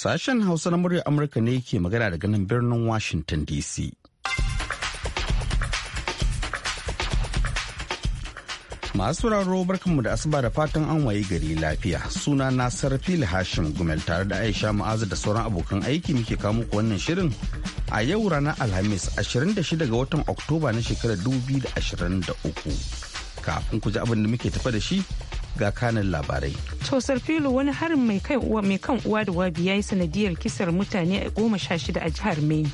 Sashen Hausa na muryar Amurka ne ke magana daga nan birnin Washington DC. Masu raro barkanmu da asuba da fatan an waye gari lafiya. Suna na Sarfil Hashim Gumel tare da Aisha Ma'azu da sauran abokan aiki muke kamo ku wannan shirin a yau ranar Alhamis 26 ga watan Oktoba na shekarar 2023. Kafin ku ji abin da muke tafa da shi, ga kanin labarai. To Sarfilu wani harin mai kan uwa da wabi ya yi sanadiyar kisar mutane goma sha shida a jihar Maine.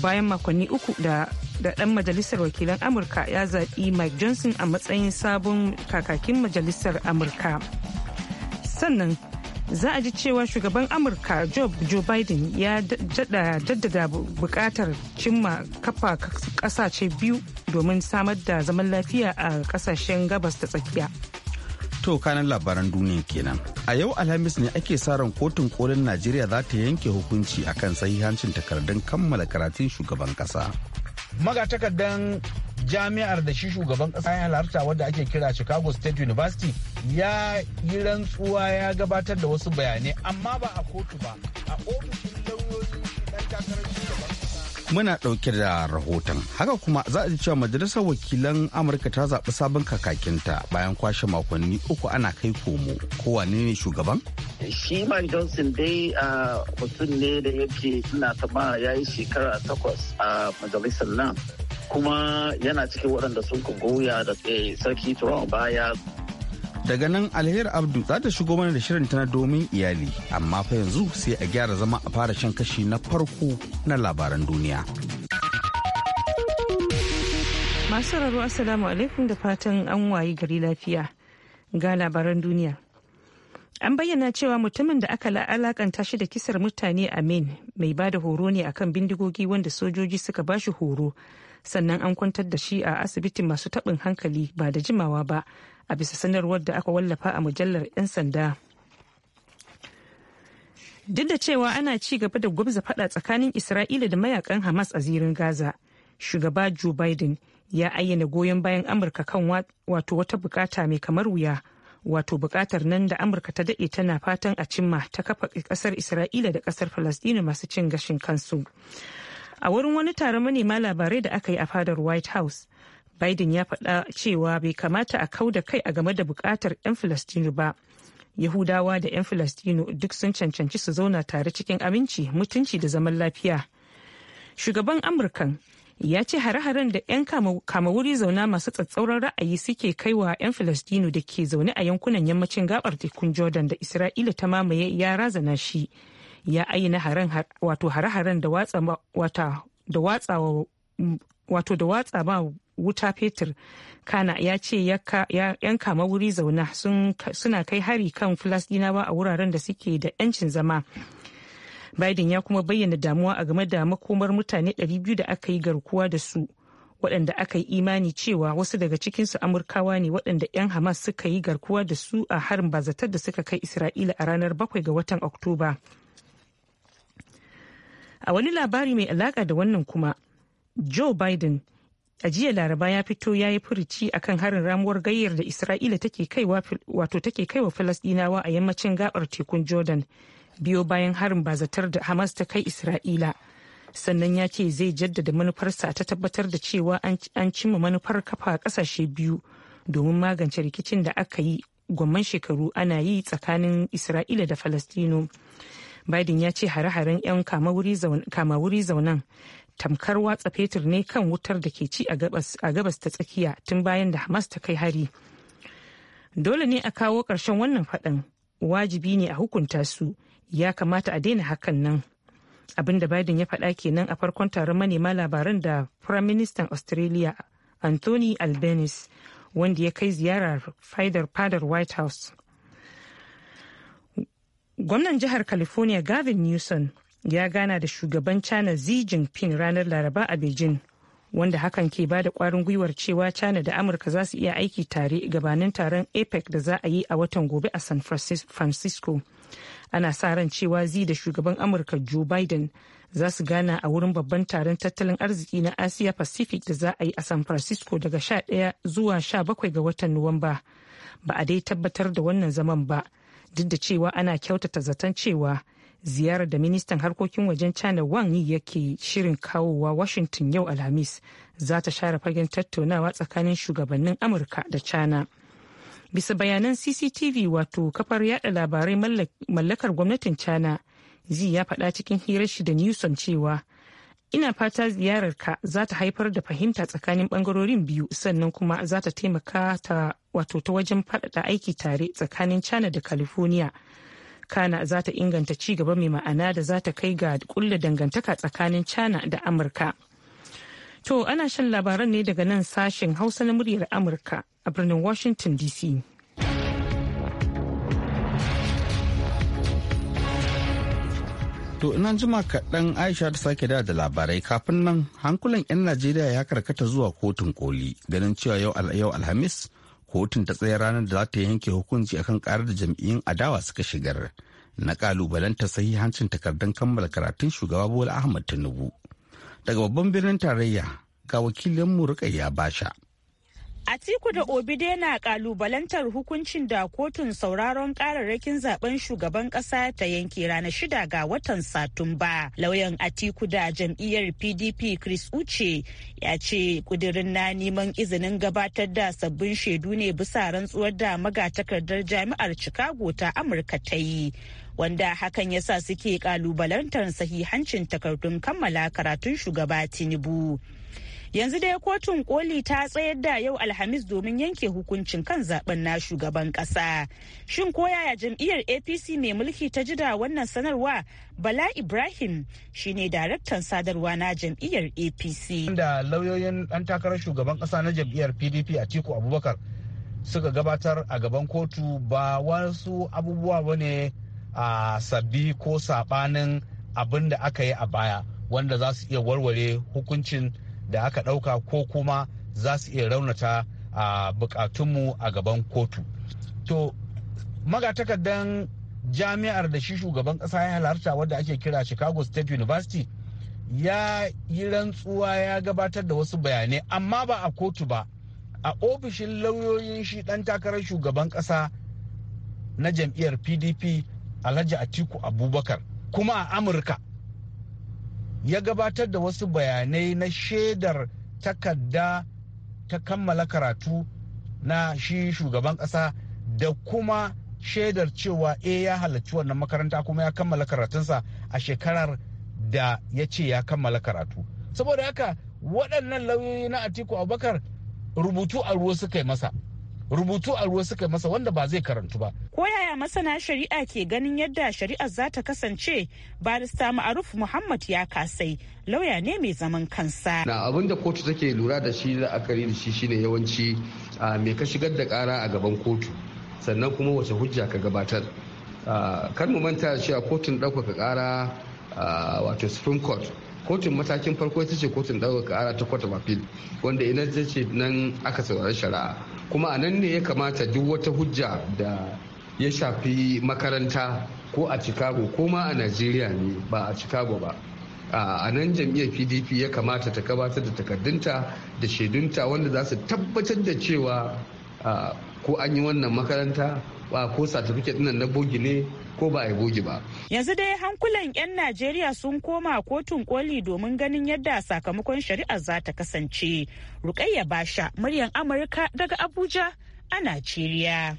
Bayan makonni uku da da ɗan majalisar wakilan Amurka ya zaɓi Mike Johnson a matsayin sabon kakakin majalisar Amurka. Sannan za a ji cewa shugaban amurka joe biden ya jaddada bukatar cimma kafa kasashe biyu domin samar da zaman lafiya a kasashen gabas ta tsakiya to kanan labaran duniya kenan a yau alhamis ne ake sa ran kotun kolin najeriya za ta yanke hukunci akan sahihancin takardun kammala karatun shugaban kasa magatakardan jami'ar da shi shugaban kasa ya halarta wadda ake kira chicago state university ya yi rantsuwa ya gabatar da wasu bayanai amma ba a kotu ba a ofishin lauyoyi dan takarar shugaban muna ɗauke da rahoton haka kuma za a ji cewa majalisar wakilan amurka ta zaɓi sabon kakakinta bayan kwashe makonni uku ana kai komo kowane ne shugaban shi man johnson dai mutum ne da yake suna tama ya yi shekara takwas a majalisar nan kuma yana cikin waɗanda sun ka goya da eh, sarki turawa baya daga nan alheri abdu za ta shigo mana da shirin tana domin iyali amma fa yanzu sai a gyara zama a fara shan kashi na farko na labaran duniya masu raro assalamu alaikum da fatan an wayi gari lafiya ga labaran duniya an bayyana cewa mutumin da aka alakanta shi da kisar mutane amin mai bada horo ne akan bindigogi wanda sojoji suka bashi horo sannan an kwantar da shi a asibitin masu taɓin hankali ba da jimawa ba a bisa sanarwar da aka wallafa a mujallar 'yan sanda duk da cewa ana ci gaba da gwamza fada tsakanin isra'ila da mayakan hamas a zirin gaza shugaba joe biden ya ayyana goyon bayan amurka kan wato wata bukata mai kamar wuya wato bukatar nan da amurka ta daɗe tana fatan a cimma ta kafa kasar isra'ila da kasar falasɗinu masu cin gashin kansu a wurin wani taron manema labarai da aka yi a fadar white house biden ya faɗa cewa bai kamata a kau da kai a game da bukatar 'yan filastinu ba yahudawa da 'yan filastinu duk sun cancanci su zauna tare cikin aminci mutunci da zaman lafiya shugaban amurkan ya ce hare-haren da 'yan kama wuri zauna masu tsatsauran ra'ayi suke kaiwa 'yan filastinu da ke zaune a yankunan yammacin gabar tekun jordan da isra'ila ta mamaye ya razana shi ya ayyana hare-haren da watsa ma wuta fetur kana ya ce yan kama wuri zauna suna kai hari kan falasdinawa a wuraren da suke da 'yancin zama biden ya kuma bayyana damuwa a game da makomar mutane 200 da aka yi garkuwa da su waɗanda aka yi imani cewa wasu daga cikinsu amurkawa ne waɗanda 'yan hamas suka yi garkuwa da su a harin bazatar da suka kai isra'ila a ranar 7 ga watan oktoba a wani labari mai alaka da wannan kuma joe biden a jiya laraba ya fito ya yi furuci kan harin ramuwar gayyar da isra'ila take kai wato take wa falasdinawa a yammacin gabar tekun jordan biyo bayan harin bazatar da hamas ta kai isra'ila sannan ya ce zai jaddada manufarsa ta tabbatar da cewa an cimma manufar kafa kasashe biyu domin magance rikicin da aka yi gwamman shekaru ana yi tsakanin isra'ila da falastino biden ya ce hare-haren 'yan kama wuri zaunan tamkar watsa fetur ne kan wutar da ke ci a gabas ta tsakiya tun bayan da hamas ta kai hari dole ne a kawo ƙarshen wannan faɗan wajibi ne a hukunta su ya kamata a daina hakan nan abin da biden ya faɗa kenan a farkon taron manema labaran da prime minister australia anthony albanese wanda ya kai ziyarar fadar white house Gwamnan jihar California Gavin Newsom ya gana da shugaban China Xi Jinping ranar Laraba a Beijing, wanda hakan ke ba da kwarin gwiwar cewa China da Amurka za su iya aiki tare gabanin taron APEC da za a yi a watan gobe a San Francisco. Ana sa ran cewa Xi da shugaban Amurka Joe Biden za su gana a wurin babban taron tattalin arziki na Asia Pacific da za a yi a San Francisco daga 11 zuwa 17 ga watan Nuwamba. Ba a dai tabbatar da wannan zaman ba. duk da cewa ana kyautata zaton cewa ziyarar da ministan harkokin wajen china wang yi yake shirin kawowa washington yau alhamis za ta share fagen tattaunawa tsakanin shugabannin amurka da china bisa bayanan cctv wato kafar yada labarai mallakar gwamnatin china zi ya faɗa cikin hirar shi da newson cewa ina fata ziyararka za ta haifar da fahimta tsakanin bangarorin biyu sannan kuma za ta taimaka ta wato ta wajen faɗaɗa aiki tare tsakanin china da california kana za ta inganta ci gaba mai ma'ana da za ta kai ga kulla dangantaka tsakanin china da amurka to ana shan labaran ne daga nan sashen hausa na muryar amurka a birnin washington dc To ina jima kaɗan Aisha ta sake da da labarai kafin nan hankulan 'yan Najeriya ya karkata zuwa kotun koli ganin cewa yau Alhamis kotun ta tsaye ranar da za ta yanke hukunci akan karar da jam'iyyun adawa suka shigar na kalubalanta sahihancin takardun kammala karatun shugaba Bola Ahmad Tinubu. Daga babban birnin tarayya ga mu Rukayya Basha Atiku da Obide na kalubalantar hukuncin da kotun sauraron kararrakin zaben shugaban kasa ta yanke ranar shida ga watan Satumba. Lauyan Atiku da jam'iyyar PDP Chris Uche ya ce kudirin na neman izinin gabatar da sabbin shaidu ne bisa rantsuwar da magatakardar jami'ar Chicago ta Amurka ta yi. wanda hakan ya sa suke kalubalantar sahihancin takardun kammala karatun shugaba Tinubu. yanzu dai kotun koli ta tsayar da yau alhamis domin yanke hukuncin kan zaben na shugaban kasa shin ko yaya jam'iyyar apc mai mulki ta ji da wannan sanarwa bala ibrahim shine daraktan sadarwa na jam'iyyar apc da lauyoyin dan takarar shugaban kasa na jam'iyyar pdp a tiku abubakar suka gabatar a gaban kotu ba wasu abubuwa bane a sabbi ko sabanin abin da aka yi a baya wanda za su iya warware hukuncin da aka ɗauka ko kuma za su iya raunata a bukatunmu a gaban kotu to magatakardan jami'ar da shi shugaban ƙasa ya halarta wadda ake kira chicago state university ya yi rantsuwa ya gabatar da wasu bayanai amma ba a kotu ba a ofishin lauyoyin shi ɗan takarar shugaban ƙasa na jam'iyyar pdp alhaji atiku abubakar kuma a amurka ya gabatar da wasu bayanai na shaidar takarda ta kammala karatu na shi shugaban ƙasa da kuma shaidar cewa e ya halarci wannan makaranta kuma ya kammala karatunsa a shekarar da ya ce ya kammala karatu saboda haka waɗannan lauyoyi na atiku abubakar rubutu a ruwa suka yi masa rubutu a ruwa suka masa wanda ba zai karantu ba. Ko yaya masana shari'a ke ganin yadda shari'ar za ta kasance barista Ma'aruf Muhammad ya kasai lauya ne mai zaman kansa. Na abin da kotu take lura da shi la'akari da shi shine yawanci mai ka shigar da kara a gaban kotu sannan kuma wace hujja ka gabatar. Kar mu manta a kotun ɗaukaka kara wato Supreme Court kotun matakin farko ita ce kotun ɗaukaka kara ta Court of Appeal wanda ina ce nan aka saurari shari'a. kuma a nan ne ya kamata duk wata hujja da ya shafi makaranta ko a chicago ko ma a najeriya ne ba a chicago ba a nan jam'iyyar pdp ya kamata ta gabatar da takardunta da shaidunta wanda za su tabbatar da cewa ko an yi wannan makaranta ba ko certificate ɗin na bogi ne ko ba a bogi ba. Yanzu dai hankulan 'yan Najeriya sun koma kotun koli domin ganin yadda sakamakon shari'ar za ta kasance. Rukayya Basha, muryar Amurka daga Abuja a Najeriya.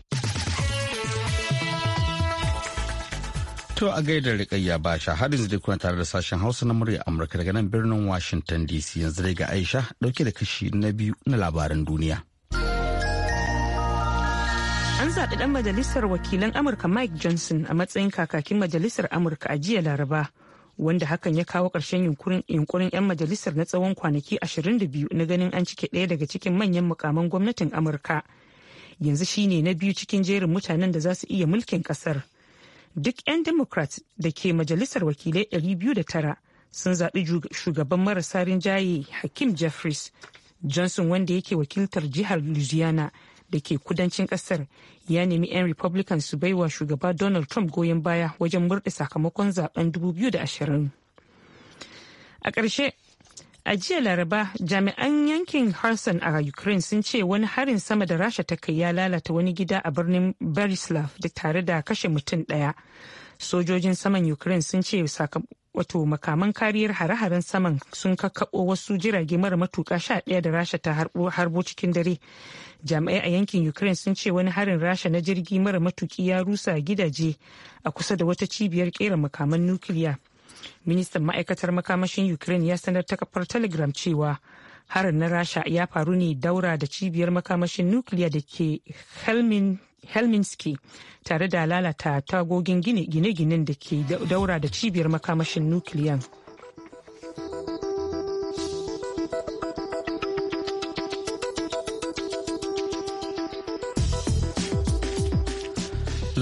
To a gaida Rukayya Basha har yanzu dai kuna tare da sashen Hausa na muryar Amurka daga nan birnin Washington DC yanzu dai ga Aisha dauke da kashi na biyu na labaran duniya. An zaɓi ɗan majalisar wakilan Amurka Mike Johnson a matsayin kakakin majalisar Amurka a jiya Laraba, wanda hakan ya kawo ƙarshen yunkurin 'yan majalisar na tsawon kwanaki 22 na ganin an cike ɗaya daga cikin manyan mukaman gwamnatin Amurka. Yanzu shine na biyu cikin jerin mutanen da za su iya mulkin ƙasar. Duk 'yan Democrat da ke majalisar wakilai 209 sun zaɓi shugaban marasa rinjaye Hakim Jeffries Johnson wanda yake wakiltar jihar Louisiana da ke kudancin kasar ya nemi 'yan republican su baiwa shugaba donald trump goyon baya wajen murɗe sakamakon zaben 2020 a ƙarshe a jiya laraba jami'an yankin harson a ukraine sun ce wani harin sama da rasha ta kai ya lalata wani gida a birnin berislav da tare da kashe mutum ɗaya sojojin saman ukraine sun ce wato makaman kariyar hare-haren saman sun kakkaɓo wasu jirage mara matuka sha ɗaya da rasha ta harbo cikin dare jami'ai a yankin ukraine sun ce wani harin rasha na jirgi mara matuki ya rusa gidaje a kusa da wata cibiyar kera makaman nukiliya ministan ma'aikatar makamashin ukraine ya sanar ta kafar telegram cewa harin na rasha ya faru ne daura da cibiyar makamashin nukiliya da ke helmin helminski tare da lalata tagogin gine-ginen da ke daura da cibiyar makamashin nukiliyan.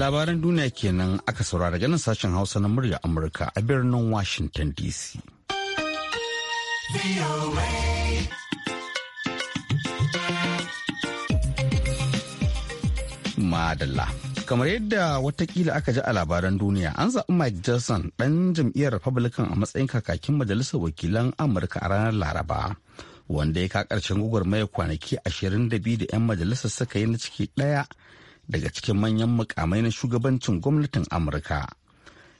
labaran duniya kenan aka saurara ganin sashen hausa na murya amurka a birnin washington dc. Madalla. Kamar yadda watakila aka ji a labaran duniya, an zaɓi Mike Johnson ɗan jam'iyyar Republican a matsayin kakakin majalisar wakilan Amurka a ranar Laraba. Wanda ya ka ƙarshen gwagwarmaya kwanaki ashirin da da 'yan majalisar suka yi na ciki ɗaya daga cikin manyan mukamai na shugabancin gwamnatin Amurka.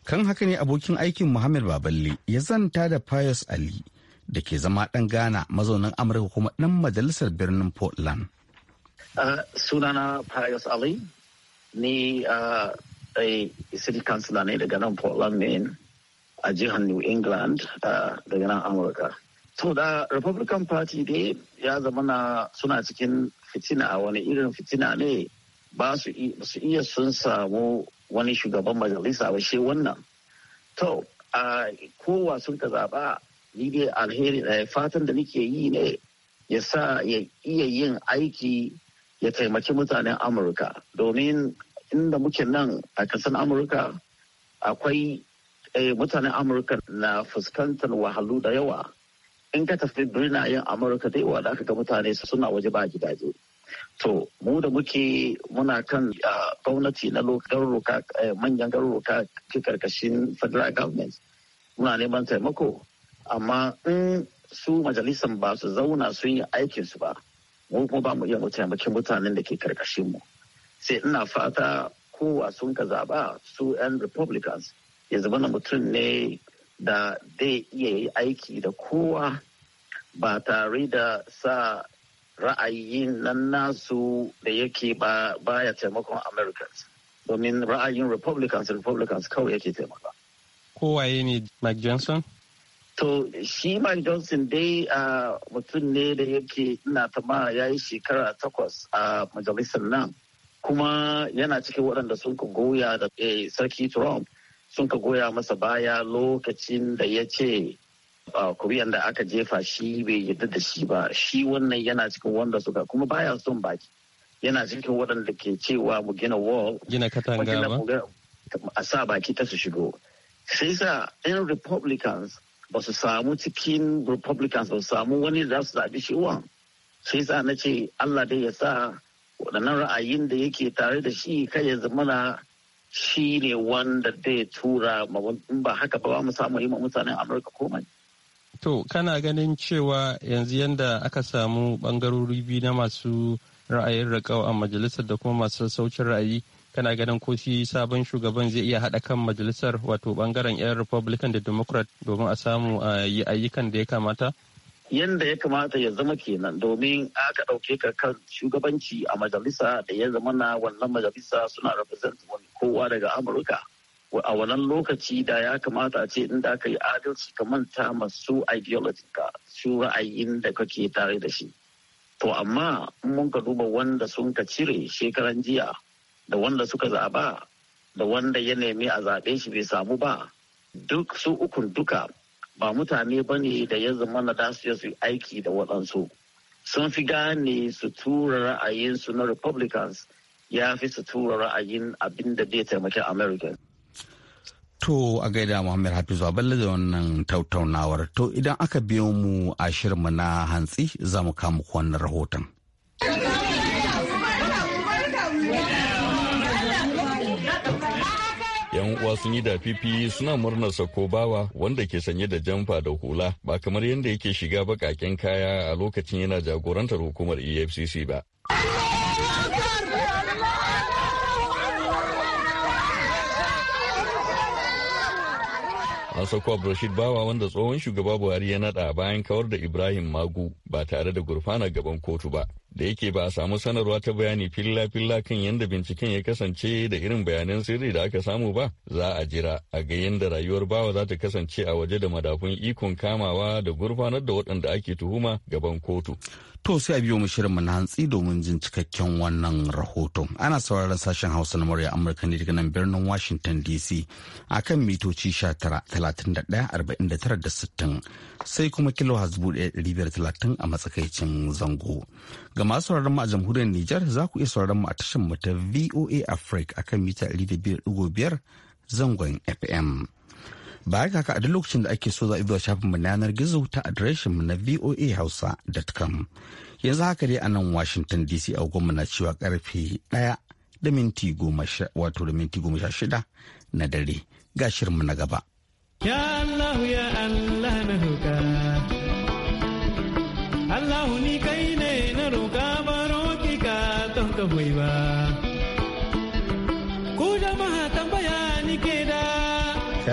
Kan haka ne abokin aikin Muhammad Baballe ya zanta da Pius Ali da ke zama ɗan Ghana mazaunin Amurka kuma ɗan majalisar birnin Portland. Uh, sunana Pius Ali ni uh, a city councilor ne daga nan Portland Maine a jihar New England uh, daga nan Amurka. So da Republican Party dai ya zama na suna cikin fitina a wani irin fitina ne ba su iya sun samu wani shugaban majalisa ba shi wannan. To, a kowa sun ka zaɓa ni dai alheri eh, fatan da nake yi ne ya sa ya iya yin aiki ya taimaki mutanen amurka domin inda muke nan a ƙasar amurka akwai eh, mutanen amurka na fuskantar wahalu da yawa in ka tafi yin amurka da yawa da aka ga mutane suna waje ba gidaje to mu da muke muna kan gwamnati na garuruka eh, manyan garuruka ke karkashin federal government muna neman taimako amma in su majalisan ba su zauna sun yi aikinsu ba mu kuma ba mu iya mu taimaki mutanen da ke karkashin mu sai ina fata kowa sun ka zaba su 'yan republicans ya zama na mutum ne da zai iya yi aiki da kowa ba tare da sa ra'ayin nan nasu da yake baya taimakon americans domin ra'ayin republicans republicans kawai yake taimaka kowaye ne mike johnson To shi man Johnson dai a mutum ne da yake ina tama ya yi shekara takwas a majalisar nan kuma yana cikin waɗanda sun ka goya da eh, sarki Trump sun ka goya masa baya lokacin da ya ce kuriyan da aka jefa shi bai yadda da shi ba shi wannan yana cikin wanda suka kuma baya son baki yana cikin waɗanda ke cewa mu gina wall gina katanga a sa baki ta su shigo sai sa in republicans ba su samu cikin republicans ba su samu wani da su zaɓi shi wa sai sa na ce allah dai ya sa waɗannan ra'ayin da yake tare da shi kai ya zamana shi ne wanda dai tura in ba haka ba mu samu yi mutanen amurka komai to kana ganin cewa yanzu yadda aka samu ɓangarori biyu na masu ra'ayin raƙau a majalisar da kuma masu sassaucin ra'ayi kana ganin ko shi sabon shugaban zai iya haɗa kan majalisar wato bangaren 'yan republican da democrat domin a samu yi ayyukan da ya kamata yadda ya kamata ya zama kenan domin aka ɗauke ka kan shugabanci a majalisa da ya zama na wannan majalisa suna represent wani kowa daga amurka a wannan lokaci da ya kamata ce inda aka yi adalci ka manta masu ideology ka su ra'ayin da kake tare da shi to amma mun ka duba wanda sun ka cire shekaran jiya da wanda suka zaɓa da wanda ya nemi a zaɓe shi bai samu ba duk su ukun duka ba mutane ba ne da ya zama na da su aiki da waɗansu sun fi gane su tura ra'ayinsu na republicans ya fi su tura ra'ayin abin da zai taimaki american To a gaida Muhammad Hafizu balle da wannan tattaunawar To idan aka biyo mu a shirma na hantsi za mu kama wannan rahoton. 'yan uwa sun yi dafifi suna murnar sako bawa wanda ke sanye da jamfa da hula ba kamar yadda yake shiga baƙaƙen kaya a lokacin yana jagorantar hukumar efcc ba an sako Rashid Bawa wanda tsohon shugaba Buhari ya nada bayan kawar da Ibrahim Magu ba tare da gurfana gaban kotu ba. da yake ba a samu sanarwa ta bayani filla-filla kan yadda binciken ya kasance da irin bayanan sirri da aka samu ba za a jira a ga yadda rayuwar bawa za ta kasance a waje da madafun ikon kamawa da gurfanar da waɗanda ake tuhuma gaban kotu. To sai a biyo mu shirin mu na hantsi domin jin cikakken wannan rahoton. Ana sauraron sashen Hausa na murya Amurka ne daga nan birnin Washington DC a kan mitoci 19,31,49,60 sai kuma kilo hasbu a matsakaicin zango. Ga masu sauraron mu a jamhuriyar Nijar za ku iya sauraron mu a tashar mu ta VOA Africa a kan mita 200.5 zangon FM. Ba ga haka a duk lokacin da ake so za a zuwa shafinmu na yanar gizo ta adireshin mu na voahausa.com. Yanzu haka dai a nan Washington DC a goma na cewa karfe ɗaya da minti goma wato da minti goma sha shida na dare ga shirinmu na gaba. Ya Allah ya Allah na Allah ni kai ne na roƙa baro ki ka don ka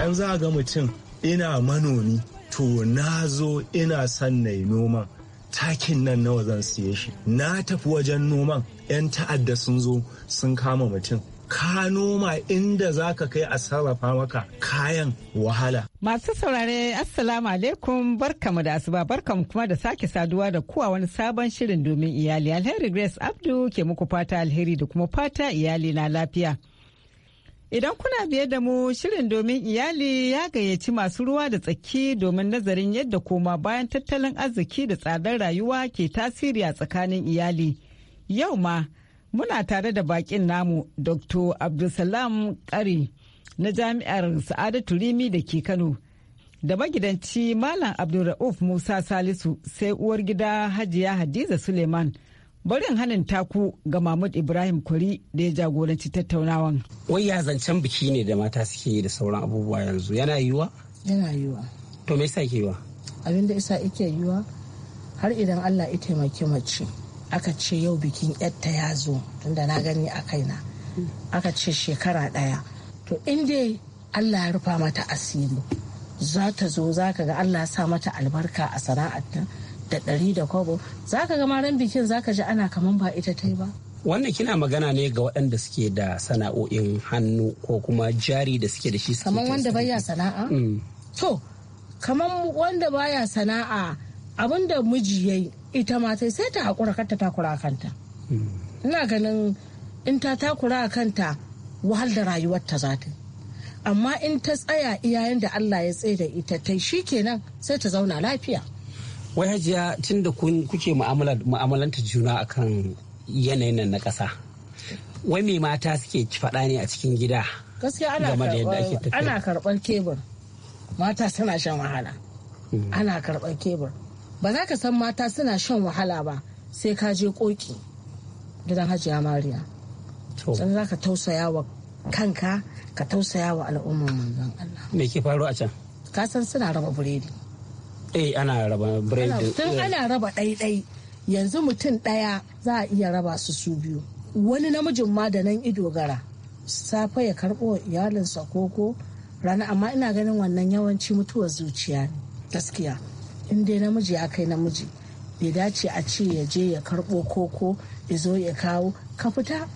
idan za ga mutum ina manomi to na zo ina son na yi noman takin nan nawa zan siye shi na tafi wajen noman 'yan ta'adda sun zo sun kama mutum ka noma inda za ka kai a sarrafa maka kayan wahala. Masu saurare Assalamu alaikum barkamu da asuba barkamu kuma da sake saduwa da kuwa wani sabon shirin domin iyali alheri Grace Abdu ke muku fata alheri da kuma fata iyali na lafiya. Idan kuna biye da mu shirin domin iyali ya gayyaci masu ruwa da tsaki domin nazarin yadda koma bayan tattalin arziki da tsadar rayuwa ke tasiri a tsakanin iyali. Yau ma muna tare da bakin namu Dr. Abdulsalam Kari na Jami'ar Sa'adatu Rimi da ke Kano. Da magidanci Malam Abdulra'uf Musa Salisu sai uwar gida Hajiya Hadiza Suleiman. barin hannun taku ga Mahmud Ibrahim Kwari da ya jagoranci tattaunawan. Wai ya zancen biki ne da mata suke yi da sauran abubuwa yanzu yana yiwa? Yana yiwa. To me yasa ke yiwa? Abin da isa ike yiwa har idan Allah ya taimaki mace aka ce yau bikin yatta ya zo tunda na gani a kaina aka ce shekara ɗaya to in inda Allah ya rufa mata asiri za ta zo za ka ga Allah ya sa mata albarka a sana'arta da ɗari da kwabo za ka gama ran bikin za ka ji ana kaman ba ita ta ba. Wannan kina magana ne ga waɗanda suke da sana'o'in hannu ko kuma jari da suke da shi Kaman wanda baya sana'a? Mm. To, kaman wanda baya sana'a abin da miji ya yi ita ma sai sai ta haƙura kanta takura mm. kanta. Ina ganin in ta takura kanta wahal da rayuwarta za ta amma in ta tsaya iyayen da Allah ya tsaye da ita ta shi kenan sai ta zauna lafiya. wai hajiya tun da kuke mu'amalanta juna akan yanayin nan na ƙasa wai me mata suke faɗa ne a cikin gida tafiya ana karɓar kebur mata suna shan wahala hmm. ana karɓar kebur ba za ka san mata suna shan wahala ba sai ka je koki gidan hajiya mariya sannan za ka tausaya wa kanka ka tausaya wa al'ummar manzon Allah me ke faru a can ka san suna raba buredi eh ana raba bread sun eh. ana raba ɗaiɗai yanzu mutum ɗaya za a iya raba su su biyu wani namijin ma da nan ido gara safe ya karɓo iyalinsa koko rana amma ina ganin wannan yawanci mutuwar zuciya ne gaskiya in dai namiji ya kai namiji bai dace a ce ya je ya karɓo koko ya zo ya kawo ka fita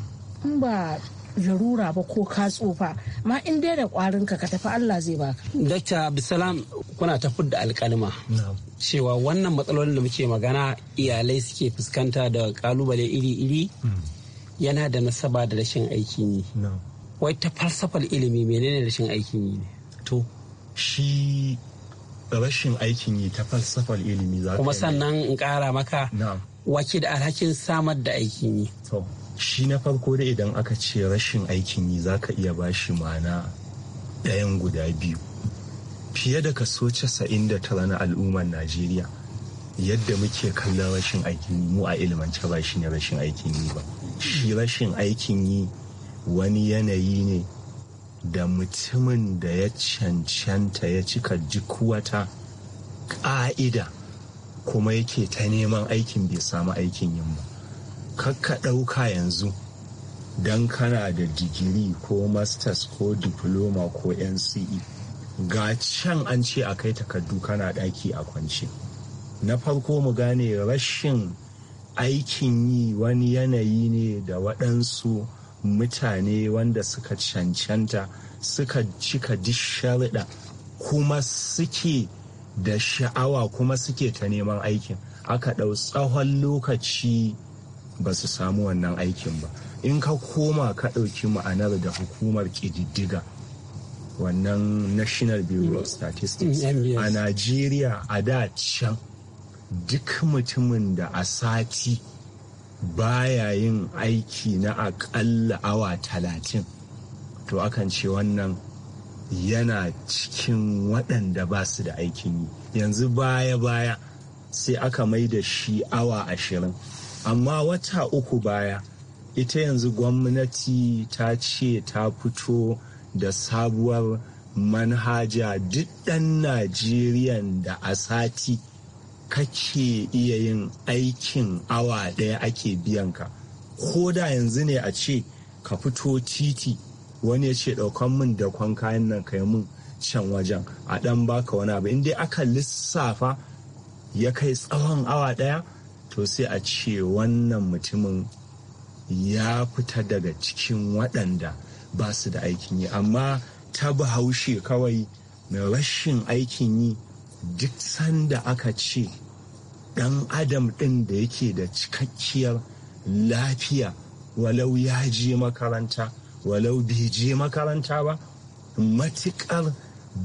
in ba larura ba ko ka tsufa ma in dai da kwarin ka ka tafi Allah zai baka. Dakta Bisalam kuna ta da alkalima. Cewa wannan matsalolin da muke magana iyalai suke fuskanta da kalubale iri-iri hmm. yana da nasaba da rashin aikin yi. Wai ta falsafar ilimi menene rashin aikin yi ne? To shi rashin aikin yi ta falsafar ilimi za Kuma sannan in kara maka wake da alhakin samar da aikin yi. shi na farko da idan aka ce rashin aikin yi za ka iya bashi ma'ana ɗayan guda biyu fiye da kaso casa'in da tara na al'ummar najeriya yadda muke kallon rashin aikin yi mu a ilimance ba shi ne rashin aikin yi ba shi rashin aikin yi wani yanayi ne da mutumin da ya cancanta ya cika wata ƙa'ida kuma yake ta neman aikin bai samu aikin yin ba kakka ɗauka yanzu don kana da digiri ko masters ko diploma ko nce ga can an ce a kai takardu kana ɗaki a kwance na farko mu gane rashin aikin yi wani yanayi ne da waɗansu mutane wanda suka cancanta suka cika sharuɗa kuma suke da sha'awa kuma suke ta neman aikin aka ɗau tsawon lokaci ba su samu wannan aikin ba in ka koma ka ɗauki ma'anar da hukumar ƙididdiga wannan national bureau of statistics mm, a najeriya a da can duk mutumin da a sati baya yin aiki na aƙalla awa talatin to akan ce wannan yana cikin waɗanda ba su da aikin yi yanzu baya-baya sai aka mai da shi awa ashirin amma wata uku baya ita yanzu gwamnati ta ce ta fito da sabuwar manhaja duk ɗan najeriyan da a sati kake iya yin aikin awa ɗaya ake biyan ka ko da yanzu ne a ce ka fito titi wani ya ce ɗaukan min da kwan kayan nan kai mun can wajen a ɗan baka wani abu inda aka lissafa ya kai tsawon awa ɗaya to sai a ce wannan mutumin ya fita daga cikin waɗanda ba su da aikin yi amma ta bahaushe kawai mai rashin aikin yi duk sanda aka ce ɗan adam ɗin da yake da cikakkiyar lafiya walau ya je makaranta walau bai je makaranta ba matuƙar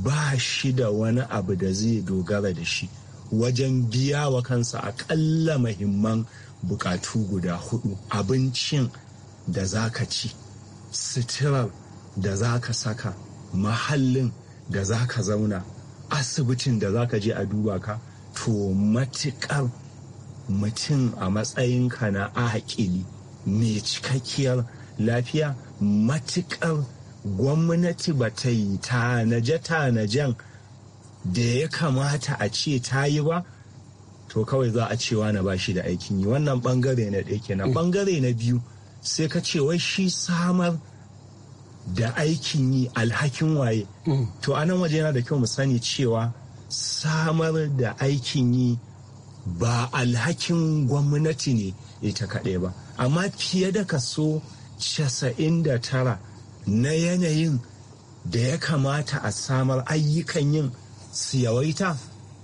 ba shi da wani abu da zai dogara da shi wajen biya wa kansa aƙalla mahimman bukatu guda hudu abincin da za ka ci sitirar da za ka saka mahallin da za ka zauna asibitin da za ka je a duba ka to matuƙar mutum a matsayinka na ahakili mai cikakkiyar lafiya matuƙar gwamnati ba ta yi tanaje-tanajen da ya kamata a ce ta yi ba to kawai za a cewa na bashi da aikin yi wannan bangare na ɗaya kenan bangare mm. na biyu sai ka ce wai shi samar da aikin yi alhakin waye mm. to a nan waje yana da kyau mu sani cewa samar da aikin yi ba alhakin gwamnati ne ita kaɗai ba amma fiye da kaso tara. na yanayin da ya kamata a samar ayyukan yin su yawaita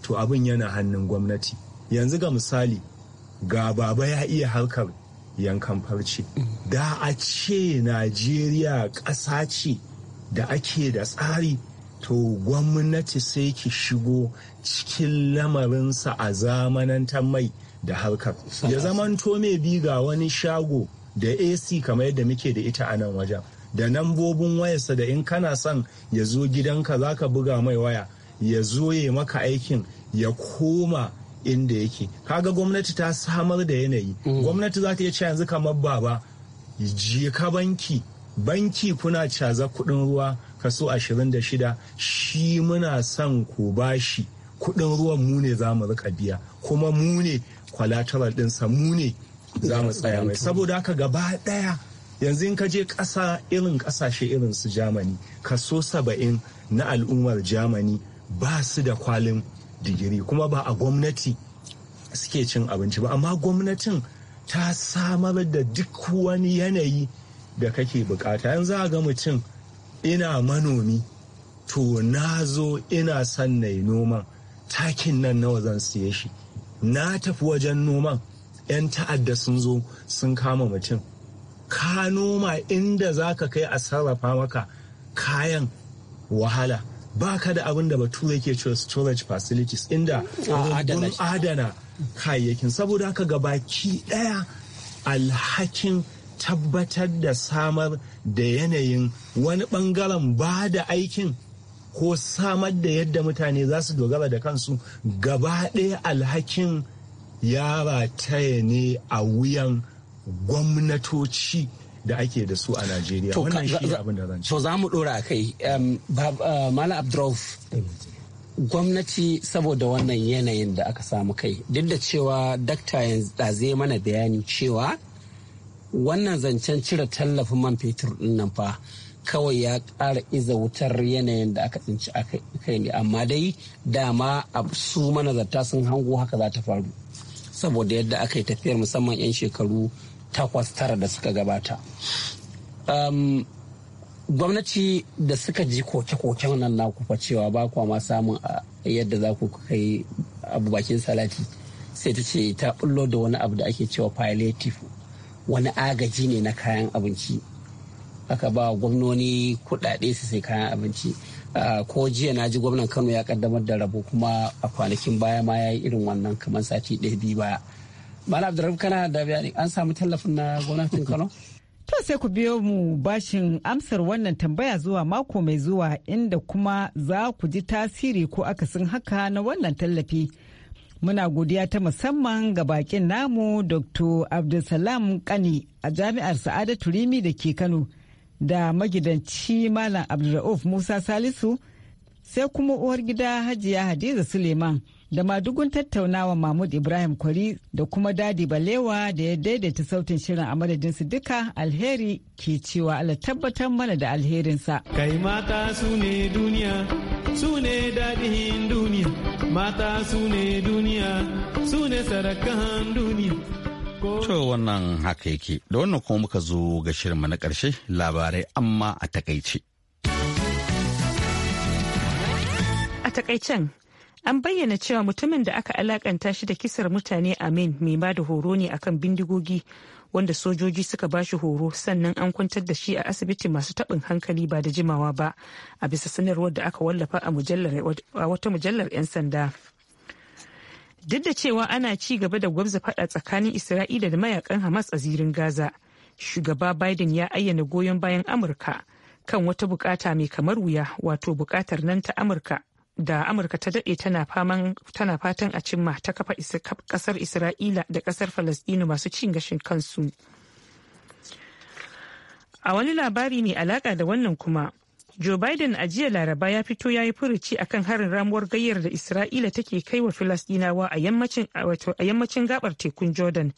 to abin yana hannun gwamnati yanzu ga misali ga baba ya iya harkar yankan farce da a ce najeriya ƙasa ce da ake da tsari to gwamnati sai ki shigo cikin lamarinsa a zamanantar mai da harkar ya zamanto mai biyu ga wani shago da ac kamar yadda muke da ita a nan wajen da nambobin wayarsa da in kana son ya zo gidanka za ka buga mai waya ya zo ya maka aikin ya koma inda yake kaga gwamnati ta samar da yanayi mm. gwamnati za ta iya ce yanzu kamar baba je ka banki banki kuna caza kudin ruwa kaso 26 shi muna son ku bashi kudin ruwan mu ne za mu rika biya kuma mu ne collateral dinsa mu ne za mu tsaya mai saboda haka gaba daya yanzu in ka je ƙasa irin kasashe irin su jamani kaso 70 na al'ummar jamani. ba su da kwalin digiri kuma ba a gwamnati suke cin abinci ba amma gwamnatin ta samar da duk wani yanayi da kake bukata yanzu za ga mutum ina manomi to na zo ina son na noman takin nan nawa zan siye shi na tafi wajen noman 'yan ta'adda sun zo sun kama mutum ka noma inda za ka kai a sarrafa maka kayan wahala ba ka da abin da bature ke cewa storage facilities inda wurin adana kayayyakin saboda haka gabaki daya alhakin tabbatar da samar da yanayin wani bangaren ba da aikin ko samar da yadda mutane za su dogara da kansu gaba ɗaya alhakin yara taya ne a wuyan gwamnatoci da ake da su a Najeriya. Wannan shi abin da zan To za mu dora kai. Um, uh, Malam Abdurrauf gwamnati saboda wannan yanayin da aka samu kai duk da cewa dakta yanzu zai mana bayani cewa wannan zancen cire tallafin man fetur din nan fa kawai ya ƙara iza wutar yanayin da aka tsinci kai ne amma dai dama su manazarta sun hango haka za ta faru saboda yadda aka yi tafiyar musamman 'yan shekaru takwas tara da suka gabata um, gwamnati da suka ji koke-koken nan na kufa cewa ba kwa ma samun uh, yadda za ku kai abu bakin salati sai ta ce ta bullo da wani abu da ake cewa palliative wani agaji ne na kayan abinci aka ba gwamnoni kudade su sai kayan abinci uh, ko jiya na ji gwamnan kano ya kaddamar da rabo kuma a kwanakin baya ma ya yi irin wannan kamar sati ɗaya biyu baya Malam rabu kana da bayani an samu tallafin na gwamnatin Kano? To sai ku biyo mu bashin amsar wannan tambaya zuwa mako mai zuwa inda kuma za ku ji tasiri ko akasin haka na wannan tallafi. Muna godiya ta musamman ga bakin namu Dr. Abdulsalam Kani a Jami'ar sa'ada turimi da ke Kano da magidanci Malam Abdulrauf Musa Salisu sai kuma uwar gida Hajiya Hadiza Suleiman. da madugun tattaunawa mahmud ibrahim kwari da kuma dadi balewa da ya daidaita sautin shirin a madadinsu duka alheri ke cewa ala tabbatar mana da alherinsa kai mata su ne duniya su ne dadihin duniya mata su ne duniya su ne sarakan duniya To wannan haka yake, da wannan kuma muka zo ga shirinmu na ƙarshe labarai amma a takaice. A takaicen An bayyana cewa mutumin da aka alakanta shi da kisar mutane Amin mai ba da horo ne akan bindigogi wanda sojoji suka ba shi horo sannan an kwantar da shi a asibiti masu taɓin hankali ba da jimawa ba a bisa sanarwar da aka wallafa a wata mujallar 'yan sanda. Duk da cewa ana ci gaba da gwabza faɗa tsakanin Isra'ila da mayakan Hamas a zirin Gaza, shugaba Biden ya ayyana goyon bayan Amurka. kan wata bukata mai kamar wuya wato bukatar nan ta amurka da amurka ta dade tana fatan a cimma ta kafa kasar isra'ila da kasar falasɗinu masu cin gashin kansu a wani labari mai alaka da wannan kuma joe biden a jiya laraba ya fito ya yi furuci akan harin ramuwar gayyar da isra'ila take kai wa falasɗinawa a yammacin gabar tekun jordan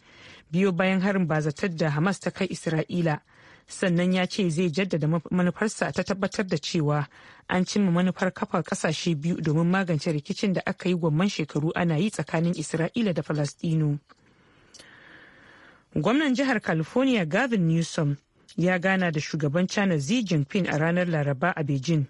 biyo bayan harin bazatar da hamas ta kai isra'ila sannan ya ce zai jaddada manufarsa ta tabbatar da cewa an cimma manufar kafa kasashe biyu domin magance rikicin da aka yi gwamman shekaru ana yi tsakanin isra'ila da falastinu gwamnan jihar california gavin newsom ya gana da shugaban china xi jinping a ranar laraba a beijing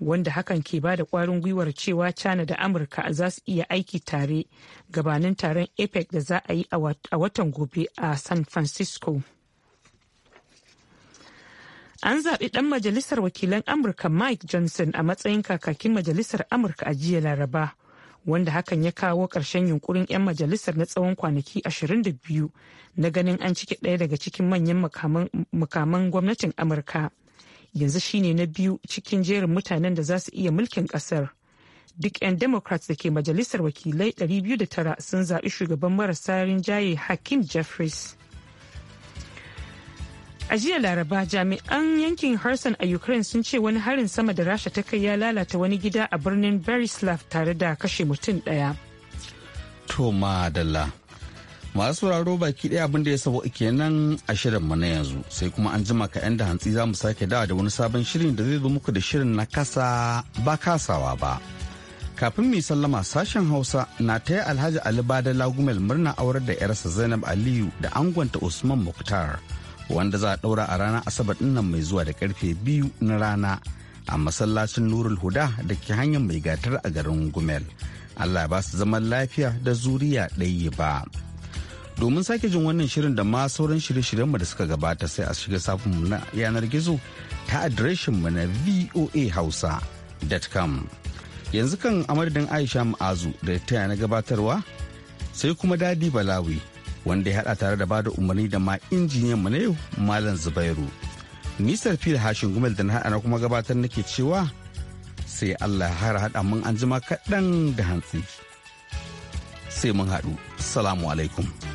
wanda hakan ke ba da kwarin gwiwar cewa china da amurka za su iya aiki tare gabanin taron apec da za a yi a watan gobe a san francisco An zaɓi ɗan majalisar wakilan Amurka Mike Johnson a matsayin kakakin majalisar Amurka a jiya Laraba, wanda hakan ya kawo ƙarshen yunkurin 'yan majalisar na tsawon kwanaki 22 na ganin an cike ɗaya daga cikin manyan mukaman gwamnatin Amurka. Yanzu shine na biyu cikin jerin mutanen da za su iya mulkin ƙasar. Duk 'yan Democrats da ke majalisar wakilai 209 sun zaɓi shugaban marasa rinjaye Hakim Jeffries. A jiya Laraba jami'an yankin Harsan a Ukraine sun ce wani harin sama da Rasha ta kai ya lalata wani gida a birnin Berislav tare da kashe mutum ɗaya. To madalla. Masu sauraro baki ɗaya abin da ya sabo nan a shirin mu na yanzu sai kuma an jima ka 'yan da hantsi za mu sake dawa da wani sabon shirin da zai zo muku da shirin na kasa ba kasawa ba. Kafin yi sallama sashen Hausa na taya Alhaji Ali Badala Gumel murna aurar da 'yarsa Zainab Aliyu da angonta Usman Mukhtar. wanda za a ɗaura a ranar asabar dinnan mai zuwa da karfe biyu na rana a masallacin nurul huda da ke hanyar mai gatar a garin gumel allah ba su zaman lafiya da zuriya ɗaya ba domin sake jin wannan shirin da ma sauran shirye-shiryenmu da suka gabata sai a shiga safinmu na yanar gizo ta mu na voa hausa.com yanzu kan amadadin aisha ma'azu da ta na gabatarwa sai kuma dadi balawi wanda ya hada tare da bada umarni da ma injiniyan mu na yau malam zubairu nisar fil hashin gumel da na hada na kuma gabatar nake cewa sai allah har hada mun anjima kaɗan da hantsi sai mun haɗu salamu alaikum